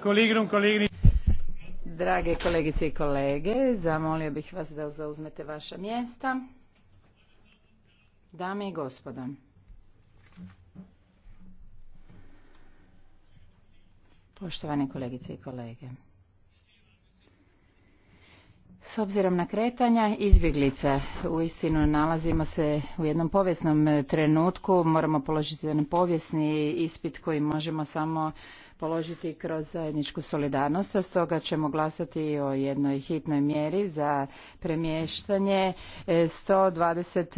Kolleginnen und Drage kolegice i kolege, zamolio bih vas da zauzmete vaša mjesta. Dame i gospodo, poštovane kolegice i kolege, obzirom na kretanja izbjeglica, istinu, nalazimo se u jednom povijesnom e, trenutku, moramo položiti jedan povijesni ispit koji možemo samo položiti kroz zajedničku solidarnost, a stoga ćemo glasati o jednoj hitnoj mjeri za premještanje e, dvadeset